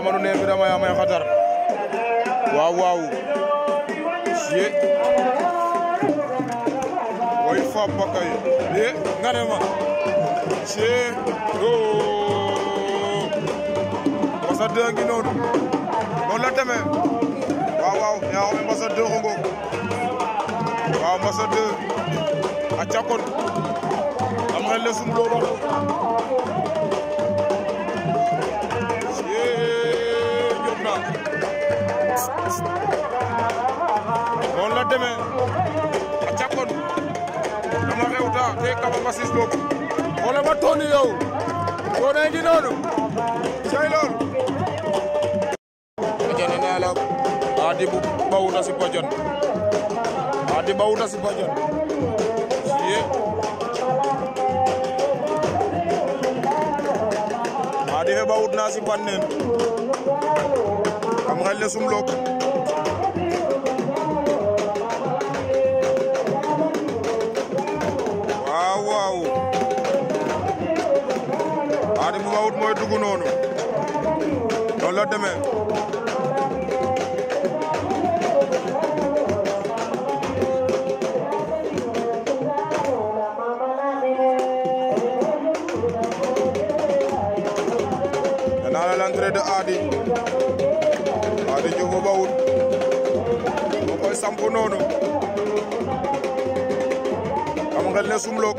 amanu ne birama ya may xatar waaw waaw ye way fa bakay ye ngane ma ci o ambassadeur ngi noonu noonu la demee waaw waaw yaa xam ambassadeur xongo waaw ambassadeur a cakon am xel le sum lo noonu la demee a jàppoon dama xew ta te kaba basis boobu xoolal ma tooni yow toonee ngi noonu say lool bojone nee la aadi bu bawuta si bojon aadi bawuta si bojon siye aadi he bawut naa si banneen kam xel le sum loog Mbaw Adama Mbaw mooy dugg noonu noonu la demee danaa la l'entrée de Adi Adi Diouf Mbaw moom mooy samp noonu xam nga ne sumloog